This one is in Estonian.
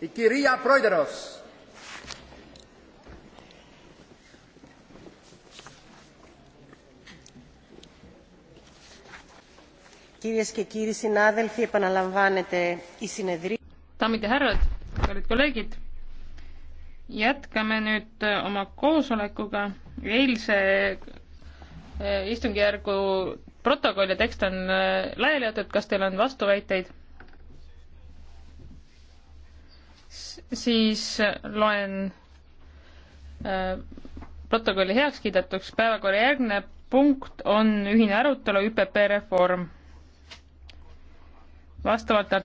Η κυρία Πρόεδρος. Κυρίες και κύριοι συνάδελφοι, επαναλαμβάνεται η συνεδρία. Daamid ja härrad, kallid kolleegid, jätkame nüüd oma koosolekuga. eilse eh, istungjärgu protokoll ja tekst on eh, laiali jäetud, kas teil on vastuväiteid? siis loen äh, protokolli heaks kiidetuks. päevakorra järgne punkt on ühine arutelu ÜPP reform. vastavalt